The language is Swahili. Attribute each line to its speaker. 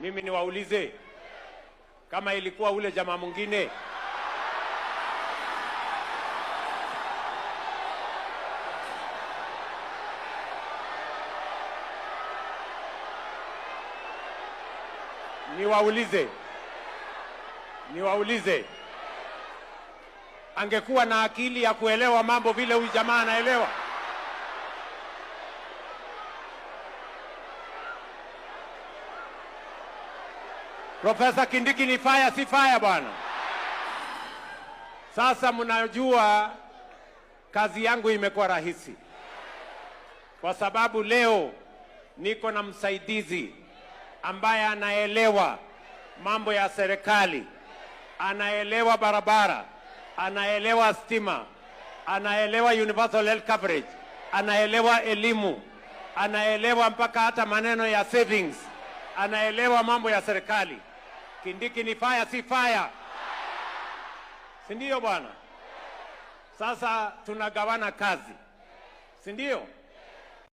Speaker 1: Mimi niwaulize kama ilikuwa ule jamaa mwingine niwaulize niwaulize, angekuwa na akili ya kuelewa mambo vile huyu jamaa anaelewa? Profesa Kindiki ni faya, si faya bwana? Sasa mnajua kazi yangu imekuwa rahisi kwa sababu leo niko na msaidizi ambaye anaelewa mambo ya serikali, anaelewa barabara, anaelewa stima, anaelewa universal health coverage, anaelewa elimu, anaelewa mpaka hata maneno ya savings anaelewa mambo ya serikali. Kindiki ni fire, si fire, si ndio bwana? Sasa tunagawana kazi, si ndio?